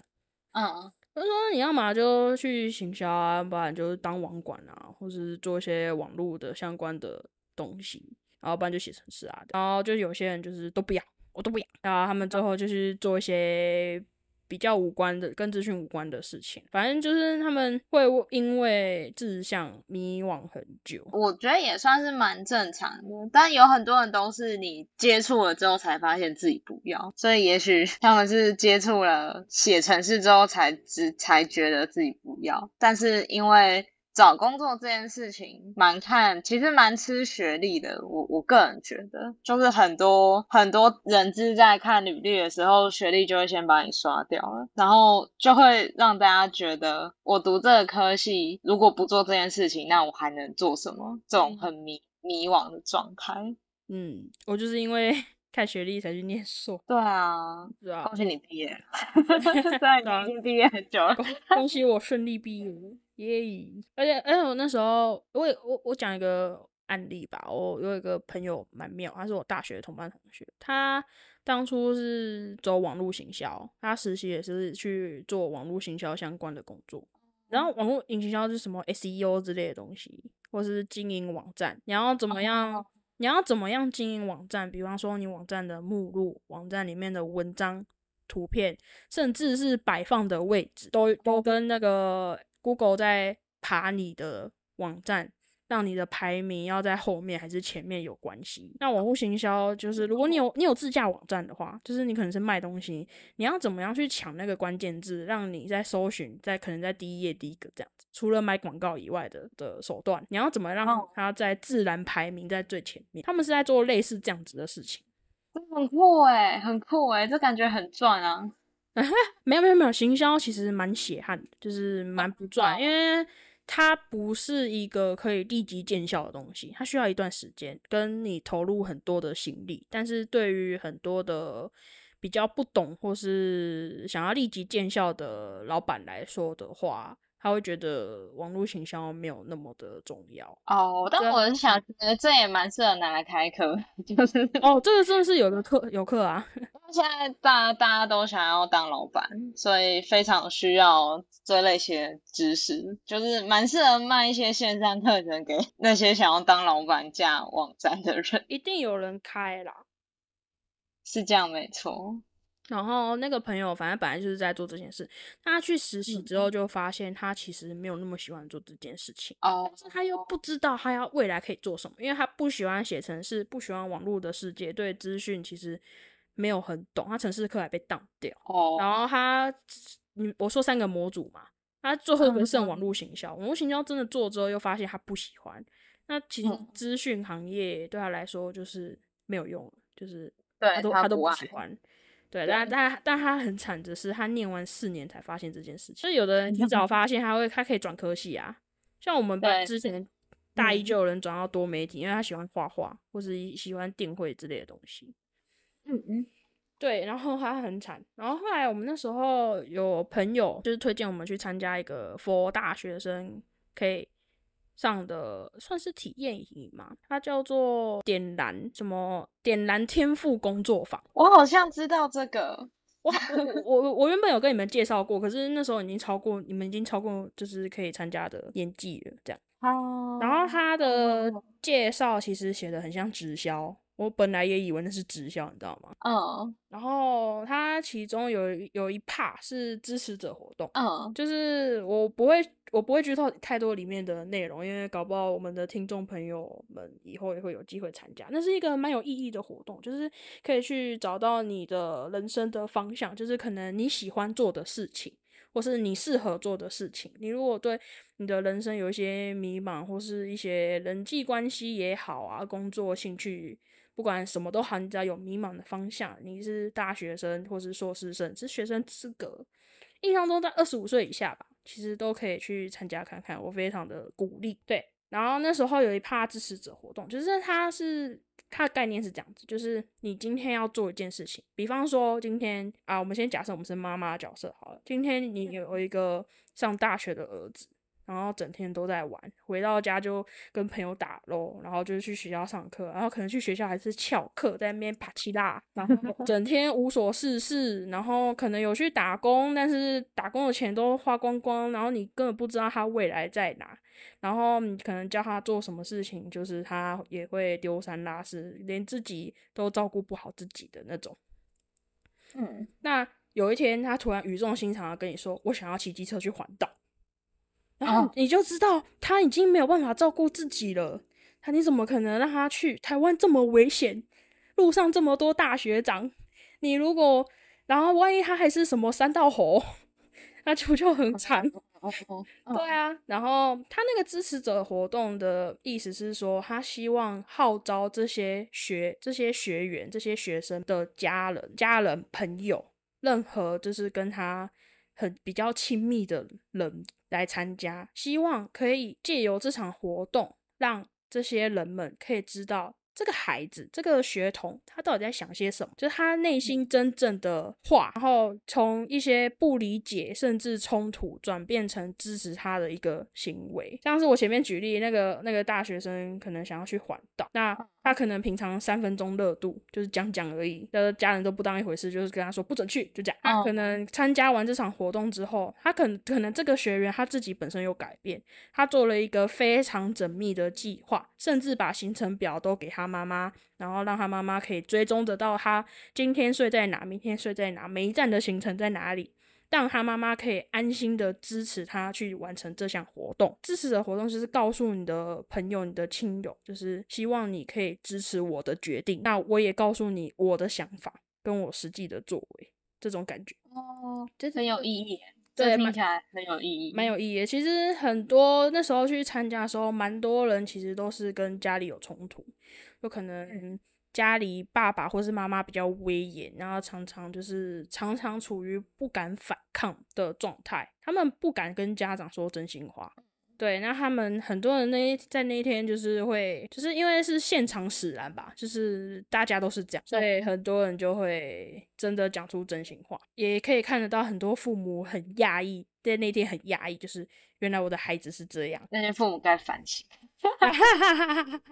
嗯、嗯、他說你要嘛就去行銷啊，不然就是當網管啊，或是做一些網絡的相關的東西，然後不然就寫程式啊。然後就有些人就是都不要，我都不要，那他們最後就是做一些。比較無關的、跟資訊無關的事情，反正就是他們會因為志向迷惘很久。我覺得也算是蠻正常的，但有很多人都是你接觸了之後才發現自己不要，所以也許他們是接觸了寫程式之後才知才覺得自己不要，但是因為。找工作這件事情蠻看，其實蠻吃學歷的。我我個人覺得，就是很多很多人資在看履歷的時候，學歷就會先把你刷掉了，然後就會讓大家覺得，我讀這個科系，如果不做這件事情，那我還能做什麼？這種很迷迷惘的狀態。嗯，我就是因為看學歷才去念書。對啊，是啊。恭喜你畢業了！哈哈哈哈哈。已經畢業很久了， 恭喜我順利畢業。耶、Yeah.！而且而且，我那時候，我我我講一個案例吧。我有一個朋友蠻妙，他是我大學同班同學。他當初是走網絡行銷，他實習也是去做網絡行銷相關的工作。然後，網絡行銷是什麼 SEO 之類的東西，或是經營網站。你要怎麼樣？Oh. 你要怎麼樣經營網站？比方說，你網站的目錄、網站裡面的文章、圖片，甚至是擺放的位置，都都跟那個。Google 在爬你的網站，讓你的排名要在後面還是前面有關係？那網絡行銷就是，如果你有你有自架網站的話，就是你可能是賣東西，你要怎麼樣去搶那個關鍵字，讓你在搜尋在可能在第一頁第一個這樣子？除了買廣告以外的的手段，你要怎麼讓它在自然排名在最前面？他們是在做類似這樣子的事情，很酷誒、欸，很酷誒、欸，這感覺很賺啊。 沒有沒有沒有，行銷其實蠻血汗，就是蠻不賺，因為它不是一個可以立即見效的東西，它需要一段時間，跟你投入很多的心力。但是對於很多的比較不懂或是想要立即見效的老板來說的話，他會覺得網絡行銷沒有那麼的重要哦，但我是想，覺得這也蠻適合拿來開課，就是 哦，這個真的是有的特有課啊。因為現在大大家都想要當老板，所以非常需要這類些知識，就是蠻適合賣一些線上課程給那些想要當老板架網站的人。一定有人開啦，是這樣沒錯。然後那個朋友，反正本來就是在做這件事，他去實習之後就發現他其實沒有那麼喜歡做這件事情，嗯、但是他又不知道他要未來可以做什麼，哦、因為他不喜歡寫程式，不喜歡網絡的世界，對資訊其實沒有很懂，他程式課還被當掉。哦。然後他，我說三個模組嘛，他最後只剩網絡行銷，網絡、哦、行銷真的做之後又發現他不喜歡，那其實資訊行業對他來說就是沒有用，就是他都對他，他都不喜歡。對，對但但但他很慘的是，他念完四年才發現這件事情。所以有的人提早發現，他會他可以轉科系啊，像我們班之前大一就有人轉到多媒體，因為他喜歡畫畫或是喜歡電繪之類的東西。嗯嗯，對，然後他很慘，然後後來我們那時候有朋友就是推薦我們去參加一個，for 大學生可以，上的算是體驗營嘛，它叫做點燃什麼點燃天賦工作坊，我好像知道這個，我我我原本有跟你們介紹過， 可是那時候已經超過你們已經超過就是可以參加的年紀了，這樣。哦。Oh. 然後他的介紹其實寫的很像直銷，我本來也以為那是直銷，你知道嗎？嗯。Oh. 然後他其中有有一 part 是支持者活動，嗯，oh. 就是我不會。我不會劇透太多裡面的內容，因為搞不好我們的聽眾朋友們以後也會有機會參加。那是一個蠻有意義的活動，就是可以去找到你的人生的方向，就是可能你喜歡做的事情，或是你適合做的事情。你如果對你的人生有一些迷茫，或是一些人際關係也好啊，工作興趣，不管什麼都好，只要有迷茫的方向。你是大學生或是碩士生，是學生資格。印象中在二十五歲以下吧，其實都可以去參加看看，我非常的鼓勵。對，然後那時候有一趴支持者活動，就是他是他的概念是這樣子，就是你今天要做一件事情，比方說今天啊，我們先假設我們是媽媽角色好了，今天你有一個上大學的兒子。然後整天都在玩，回到家就跟朋友打嘍，然後就去學校上課，然後可能去學校還是翹課，在那邊啪嘰拉，然後整天無所事事，然後可能有去打工，但是打工的錢都花光光，然後你根本不知道他未來在哪，然後你可能叫他做什麼事情，就是他也會丟三落四，連自己都照顧不好自己的那種。嗯，那有一天他突然語重心長的跟你說：“我想要騎機車去環島。”然後、啊、你就知道他已經沒有辦法照顧自己了。他你怎麼可能讓他去台灣這麼危險？路上這麼多大學長，你如果然後萬一他還是什麼三道河，那就就很慘。 對啊。然後他那個支持者活動的意思是說，他希望號召這些學、這些學員、這些學生的家人、家人朋友，任何就是跟他。很比較親密的人來參加，希望可以借由這場活動，讓這些人們可以知道。這個孩子，這個學童，他到底在想些什麼？就是他內心真正的話，嗯、然後從一些不理解甚至衝突，轉變成支持他的一個行為。像是我前面舉例那個那個大學生，可能想要去環島，那他可能平常三分鐘熱度，就是講講而已，但是家人都不當一回事，就是跟他說不准去，就這樣。哦、可能參加完這場活動之後，他可能可能這個學員他自己本身有改變，他做了一個非常縝密的計劃，甚至把行程表都給他。他媽媽，然後讓他媽媽可以追蹤得到他今天睡在哪，明天睡在哪，每一站的行程在哪裡，讓他媽媽可以安心的支持他去完成這項活動。支持的活動就是告訴你的朋友、你的親友，就是希望你可以支持我的決定。那我也告訴你我的想法，跟我實際的作為，這種感覺哦，這很有意義，對，這聽起來很有意義，蠻有意義。其實很多那時候去參加的時候，蠻多人其實都是跟家裡有衝突。有可能家裡爸爸或是媽媽比較威嚴，然後常常就是常常處於不敢反抗的狀態，他們不敢跟家長說真心話。對，那他們很多人那一在那一天就是會，就是因為是現場使然吧，就是大家都是這樣，對所以很多人就會真的講出真心話。也可以看得到很多父母很壓抑，在那天很壓抑，就是原來我的孩子是這樣，那些父母該反省。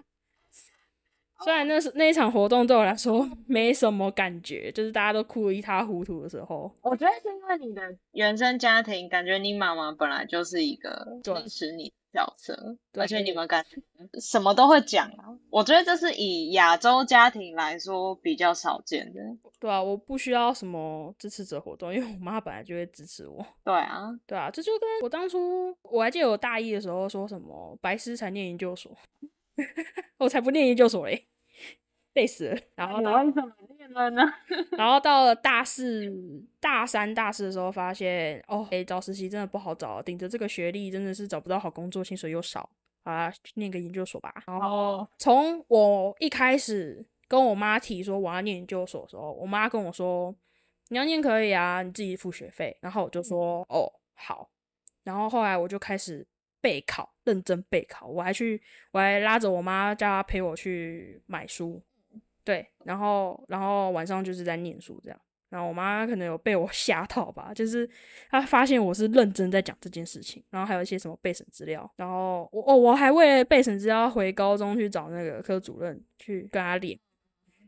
雖然那是那一場活動對我來說沒什麼感覺，就是大家都哭得一塌糊塗的時候。我覺得是因為你的原生家庭，感覺你媽媽本來就是一個支持你的角色，對對，而且你們感覺什麼都會講啊，我覺得這是以亞洲家庭來說比較少見的。對啊，我不需要什麼支持者活動，因為我媽本來就會支持我。對啊，對啊，這就跟我當初，我還記得我大一的時候說，什麼白痴才念研究所。 我才不念研究所嘞，累死了。然後呢？然後怎麼念了呢？然後到了大四、 大三、大四的時候，發現哦，誒，找實習真的不好找，頂着這個學歷真的是找不到好工作，薪水又少。好啦，去念個研究所吧。好哦。然後從我一開始跟我媽提說我要念研究所的時候，我媽跟我說：“你要念可以啊，你自己付學費。”然後我就說：“嗯。哦，好。”然後後來我就開始備考。認真備考，我還去，我還拉着我媽叫她陪我去買書，對，然後然後晚上就是在念書這樣，然後我媽可能有被我嚇到吧，就是她發現我是認真在講這件事情，然後還有一些什麼備審資料，然後我哦我還為了備審資料回高中去找那個科主任去跟他練，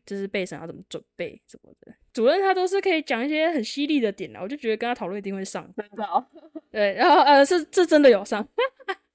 就是備審要怎麼準備什麼的，主任他都是可以講一些很犀利的點的，我就覺得跟他討論一定會上，真的哦、對，然後呃是這真的有上。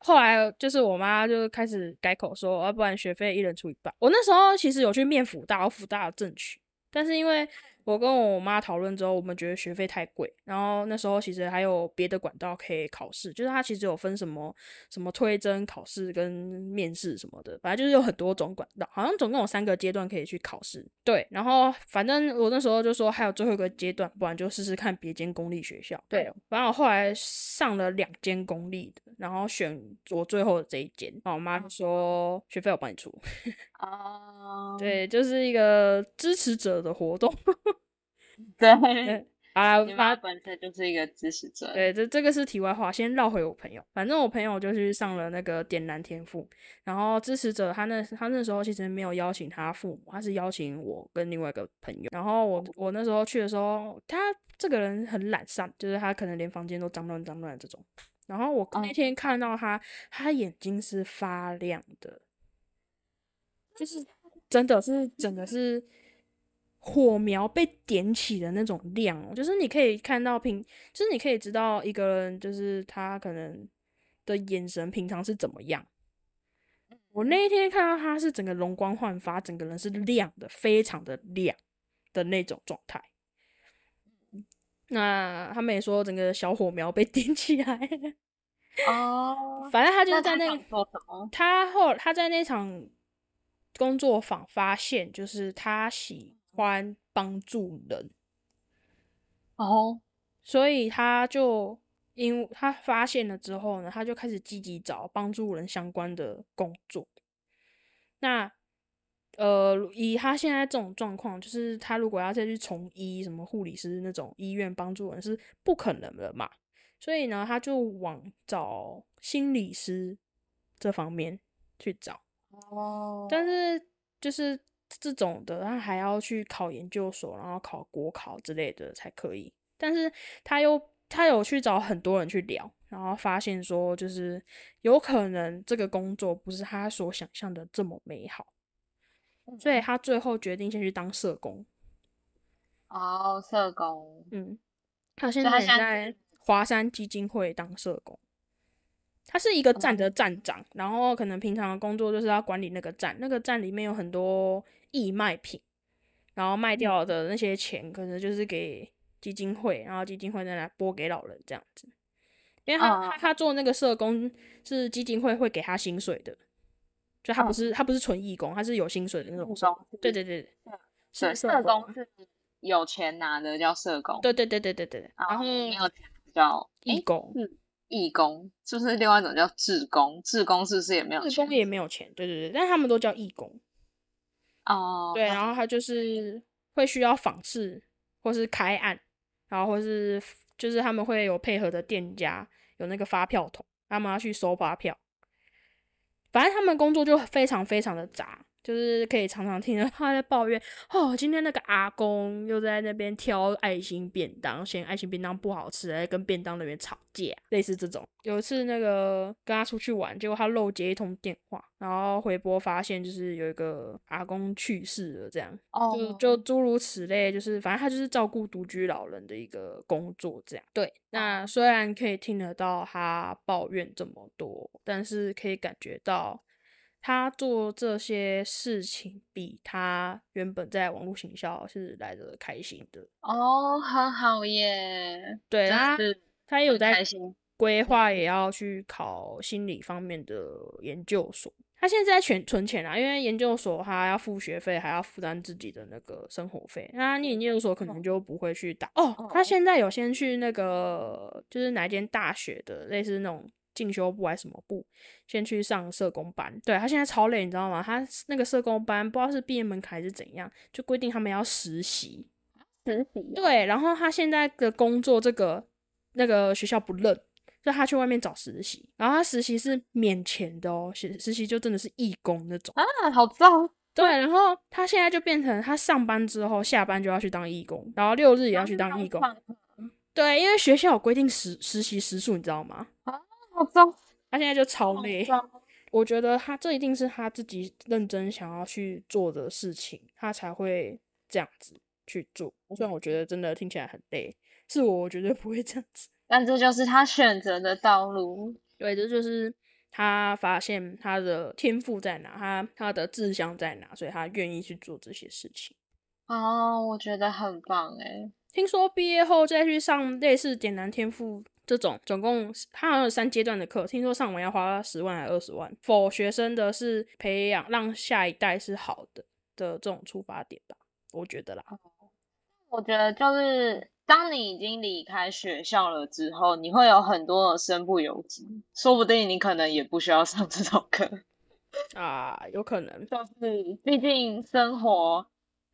後來就是我媽就開始改口說，要、啊、不然學費一人出一半。我那時候其實有去面輔大，我輔大正取，但是因為。我跟我媽討論之後，我們覺得學費太貴。然後那時候其實還有別的管道可以考試，就是它其實有分什麼什麼推甄考試跟面試什麼的，反正就是有很多種管道，好像總共有三個階段可以去考試。對，然後反正我那時候就說還有最後一個階段，不然就試試看別間公立學校。對，反正對我後來上了兩間公立的，然後選我最後的這一間。然後我媽說學費我幫你出。哦、um，對，就是一個支持者的活動。對，對啊，發本身就是一個支持者。對，這這個是題外話，先繞回我朋友。反正我朋友就是上了那個點燃天賦，然後支持者他那他那時候其實沒有邀請他父母，他是邀請我跟另外一個朋友。然後我我那時候去的時候，他這個人很懶散，就是他可能連房間都髒亂髒亂這種。然後我那天看到他，他眼睛是發亮的，就是真的是真的是。火苗被點起的那種亮喔，就是你可以看到平，就是你可以知道一個人，就是他可能的眼神平常是怎麼樣。我那一天看到他是整個容光煥發，整個人是亮的，非常的亮的那種狀態。那他們也說，整個小火苗被點起來哦。Oh, 反正他就是在那，那他，他後他在那場工作坊發現，就是他洗。歡幫助人哦，Oh. 所以他就因他發現了之後呢，他就開始積極找幫助人相關的工作。那呃，以他現在這種狀況，就是他如果要再去從醫、什麼護理師那種醫院幫助人是不可能了嘛，所以呢，他就往找心理師這方面去找。Oh. 但是就是。這種的，他還要去考研究所，然後考國考之類的才可以。但是他又他有去找很多人去聊，然後發現說，就是有可能這個工作不是他所想象的這麼美好，所以他最後決定先去當社工。哦，社工，嗯，他現在在華山基金會當社工，他是一個站的站長，嗯，然後可能平常的工作就是要管理那個站，那個站裡面有很多。義賣品，然後賣掉的那些錢，可能就是給基金會，然後基金會再來撥給老人這樣子。因為他、哦、他，他做那個社工是基金會會給他薪水的，就他不是、哦、他不是純義工，他是有薪水的那種。對工對對對，所以對社，社工是有錢拿的，叫社工。對對對對對對。然後沒有錢叫義工，義工是不是另外一種叫志工？志工是不是也沒有？志工也沒有錢。對對對，但他們都叫義工。哦，oh, okay. 對，然後他就是會需要訪視，或是開案，然後或是就是他們會有配合的店家，有那個發票桶，他們要去收發票。反正他們工作就非常非常的雜。就是可以常常聽到他在抱怨哦，今天那個阿公又在那邊挑愛心便當，嫌愛心便當不好吃，還跟便當在那邊吵架，類似這種。有一次那個跟他出去玩，結果他漏接一通電話，然後回撥發現就是有一個阿公去世了，這樣，oh. 就就諸如此類，就是反正他就是照顧獨居老人的一個工作這樣。對，那雖然可以聽得到他抱怨這麼多，但是可以感覺到。他做這些事情比他原本在網絡行銷是來得開心的哦，oh, 很好耶。對啊，他也有在規劃，也要去考心理方面的研究所。他現在全存錢啦，因為研究所他要付學費，還要負擔自己的那個生活費。那念研究所可能就不會去打哦。Oh. Oh, 他現在有先去那個就是哪間大學的，類似那種。進修部還是什麼部？先去上社工班。對，他現在超累，你知道嗎？他那個社工班不知道是畢業門檻還是怎樣，就規定他們要實習。實習。對，然後他現在的工作這個那個學校不認，就他去外面找實習。然後他實習是免錢的哦、喔，實實習就真的是義工那種啊，好糟。對，然後他現在就變成他上班之後下班就要去當義工，然後六日也要去當義工。啊，對，因為學校有規定實實習時數，你知道嗎？啊。他現在就超累 我覺得他這一定是他自己認真想要去做的事情，他才會這樣子去做。雖然我覺得真的聽起來很累，是我絕對不會這樣子，但這就是他選擇的道路。對，這就是他發現他的天賦在哪，他他的志向在哪，所以他願意去做這些事情。哦，我覺得很棒哎！聽說畢業後再去上類似點燃天賦。這種總共他好像有三階段的課，聽說上完要花十萬還二十萬。否，學生的是培養讓下一代是好的的這種出發點吧，我覺得啦。我覺得就是當你已經離開學校了之後，你會有很多的身不由己，說不定你可能也不需要上這種課啊，有可能就是畢竟生活。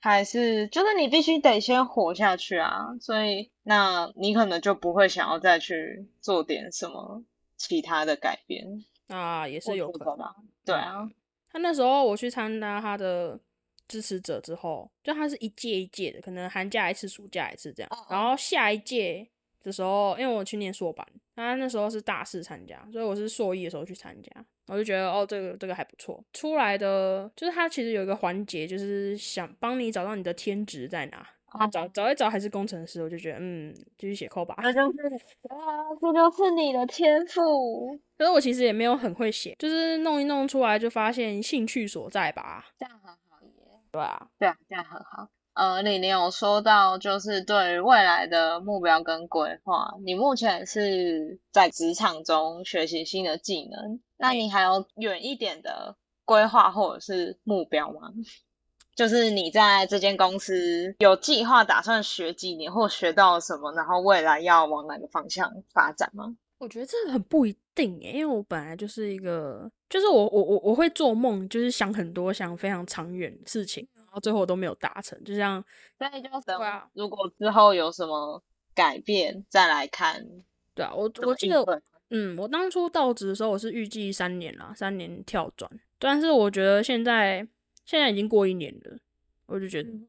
還是就是你必須得先活下去啊，所以那你可能就不會想要再去做點什麼其他的改變啊，也是有可能。對啊，他那時候我去參加他的支持者之後，就他是一屆一屆的，可能寒假一次，暑假一次這樣。哦、然後下一屆的時候，因為我去念碩班，他那時候是大四參加，所以我是碩一的時候去參加。我就覺得哦，這個這個還不錯。出來的就是他其實有一個環節，就是想幫你找到你的天職在哪。他、啊、找找一找，還是工程師。我就覺得嗯，繼續寫 code 吧、啊。這就是啊，這就是你的天賦。可是我其實也沒有很會寫，就是弄一弄出來就發現興趣所在吧。這樣很好耶。對啊吧，對啊，這樣很好。呃，你你有說到就是對於未來的目標跟規劃，你目前是在職場中學習新的技能，那你還有遠一點的規劃或者是目標嗎？就是你在這間公司有計劃打算學幾年或學到什麼，然後未來要往哪個方向發展嗎？我覺得這很不一定欸，因為我本來就是一個，就是我我我我會做夢，就是想很多，想非常長遠的事情。到最後我都沒有達成，就像在招生。對啊，如果之後有什麼改變再來看。對啊，我我記得我，嗯，我當初到職的時候我是預計三年啦，三年跳轉。但是我覺得現在現在已經過一年了，我就覺得、嗯、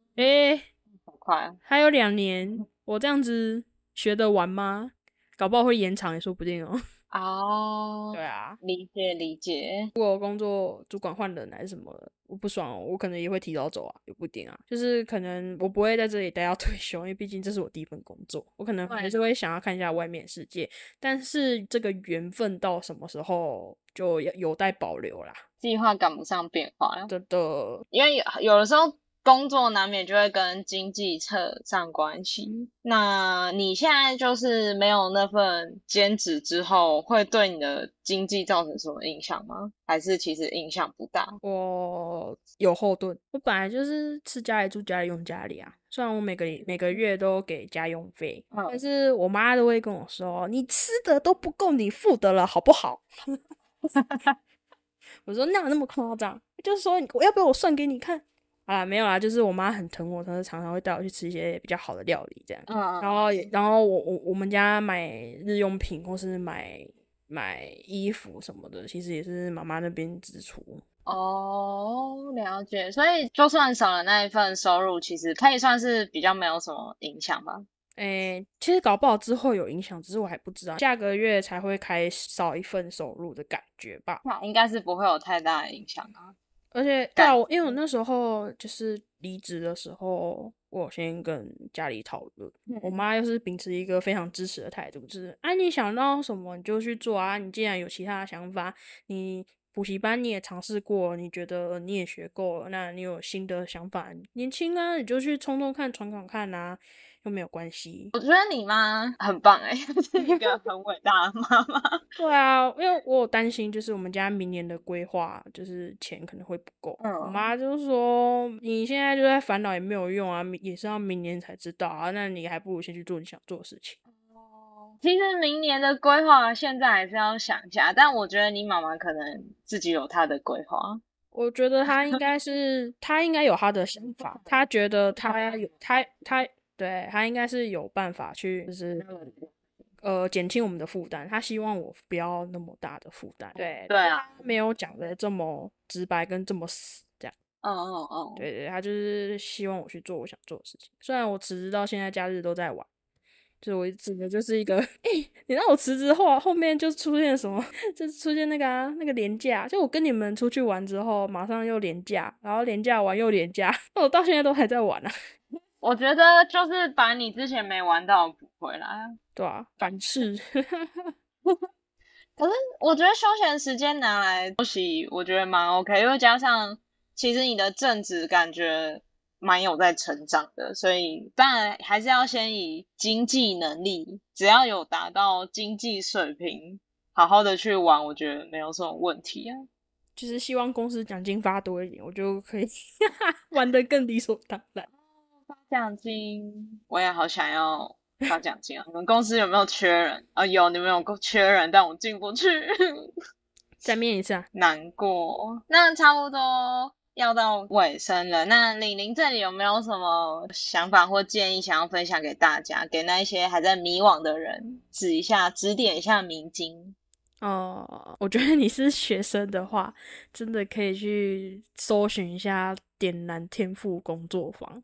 誒。很快還有兩年，我這樣子學得完嗎？搞不好會延長也說不定哦。哦，oh, 對啊，理解理解。理解，如果工作主管換人還是什麼，我不爽哦，我可能也會提早走啊，也不一定啊。就是可能我不會在這裡待到退休，因為畢竟這是我第一份工作，我可能還是會想要看一下外面世界。對但是這個緣分到什麼時候就有待保留啦，計劃趕不上變化，對的噠。因為有，有的時候。工作難免就會跟經濟扯上關係。那你現在就是沒有那份兼職之後，會對你的經濟造成什麼影響嗎？還是其實影響不大？我有後盾，我本來就是吃家裡住家裡用家裡啊。雖然我每個每個月都給家用費，Oh. 但是我媽都會跟我說：“你吃的都不夠你付的了，好不好？” 我說：“那有那麼誇張？就是說，我要不要我算給你看？”啊，沒有啊，就是我媽很疼我，她常常會帶我去吃一些比較好的料理，這樣。嗯、然後也，然後我我我們家買日用品或是買買衣服什麼的，其實也是媽媽那邊支出。哦，了解。所以就算少了那一份收入，其實可以算是比較沒有什麼影響吧？誒、欸，其實搞不好之後有影響，只是我還不知道，下個月才會開少一份收入的感覺吧？那應該是不會有太大的影響啊。而且但啊，我因為我那時候就是離職的時候，我先跟家裡討論，嗯、我媽又是秉持一個非常支持的態度，就是哎、啊，你想到什麼你就去做啊！你既然有其他的想法，你補習班你也嘗試過，你覺得你也學夠了，那你有新的想法，年輕啊，你就去衝衝看闖闖看啊！都沒有關係，我覺得你媽很棒哎、欸，是 一個很偉大的媽媽。對啊，因為我有擔心就是我們家明年的規劃，就是錢可能會不夠。我媽、嗯、就是說，你現在就在煩惱也沒有用啊，也是要明年才知道啊，那你還不如先去做你想做的事情。哦，其實明年的規劃現在還是要想一下，但我覺得你媽媽可能自己有她的規劃。 我覺得她應該是，她應該有她的想法，她覺得她有，她她。對，他應該是有辦法去，就是、嗯、呃減輕我們的負擔。他希望我不要那麼大的負擔。對對啊，沒有講的這麼直白跟這麼死這樣。嗯嗯，嗯對對，他就是希望我去做我想做的事情。雖然我辭職到現在，假日都在玩，就我一直就是一個，哎、欸，你讓我辭職後，後面就出現什麼，就是、出現那個啊那個連假，就我跟你們出去玩之後，馬上又連假，然後連假完又連假，我到現在都還在玩呢、啊。我覺得就是把你之前沒玩到補回來，對啊，反噬。可 是我覺得休閒時間拿來休息，我覺得蠻 OK。因為加上其實你的政治感覺蠻有在成長的，所以當然還是要先以經濟能力，只要有達到經濟水平，好好的去玩，我覺得沒有什麼問題啊。就是希望公司獎金發多一點，我就可以 玩得更理所當然。 發獎金，我也好想要發獎金啊！ 你們公司有沒有缺人啊？有，你們有缺人，但我進不去， 再面一次，啊，難過。那差不多要到尾聲了。那零零，這裡有沒有什麼想法或建議想要分享給大家，給那一些還在迷惘的人指一下，指點一下迷津？哦、呃，我覺得你是學生的話，真的可以去搜尋一下“點燃天賦工作坊”。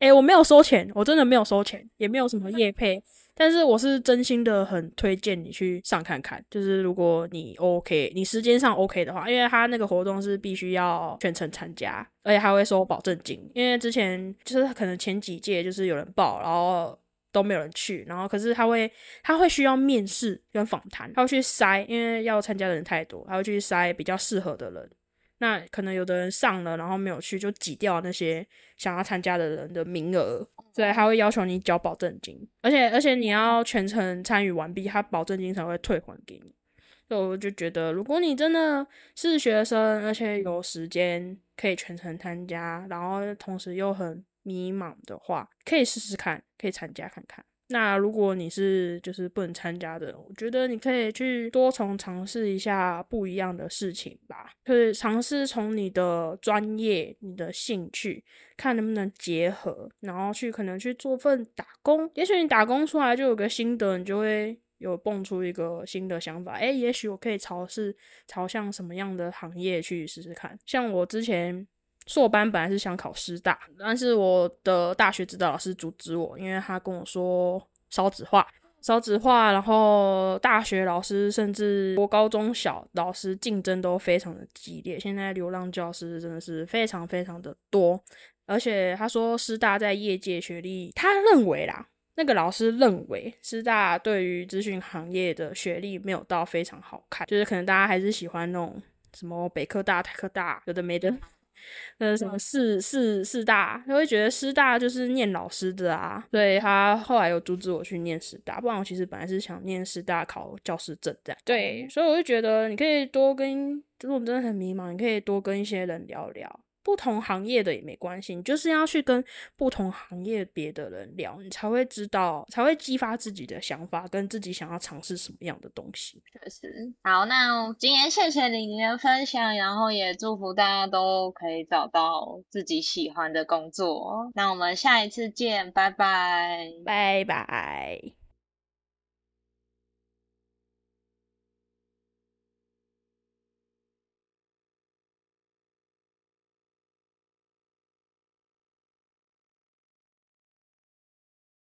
誒、欸，我沒有收錢，我真的沒有收錢，也沒有什麼業配， 但是我是真心的很推薦你去上看看。就是如果你 OK，你時間上 OK 的話，因為他那個活動是必須要全程參加，而且他會收保證金，因為之前就是可能前幾屆就是有人報，然後都沒有人去，然後可是他會他會需要面試跟訪談，他會去篩，因為要參加的人太多，他會去篩比較適合的人。那可能有的人上了，然後沒有去，就擠掉那些想要參加的人的名額。對，他會要求你交保證金，而且而且你要全程參與完畢，他保證金才會退還給你。所以我就覺得，如果你真的是學生，而且有時間可以全程參加，然後同時又很迷茫的話，可以試試看，可以參加看看。那如果你是就是不能參加的，我覺得你可以去多重嘗試一下不一樣的事情吧，可以嘗試從你的專業、你的興趣，看能不能結合，然後去可能去做份打工。也許你打工出來就有個心得，你就會有蹦出一個新的想法。誒、欸，也許我可以嘗試朝向什麼樣的行業去試試看。像我之前。碩班本來是想考師大，但是我的大學指導老師阻止我，因為他跟我說子化：“少子化，少子化，然後大學老師甚至國高中小老師競爭都非常的激烈。現在流浪教師真的是非常非常的多，而且他說師大在業界學歷，他認為啦，那個老師認為師大對於資訊行業的學歷沒有到非常好看，就是可能大家還是喜歡那種什麼北科大、台科大，有的沒的。”呃，什麼師師師大，他會覺得師大就是念老師的啊，所以他後來又阻止我去念師大，不然我其實本來是想念師大考教師證的。對，所以我就覺得你可以多跟，如果我們真的很迷茫，你可以多跟一些人聊聊。不同行業的也沒關係，你就是要去跟不同行業別的人聊，你才會知道，才會激發自己的想法，跟自己想要嘗試什麼樣的東西。確實、就是，好，那今天謝謝你的分享，然後也祝福大家都可以找到自己喜歡的工作。那我們下一次見，拜拜，拜拜。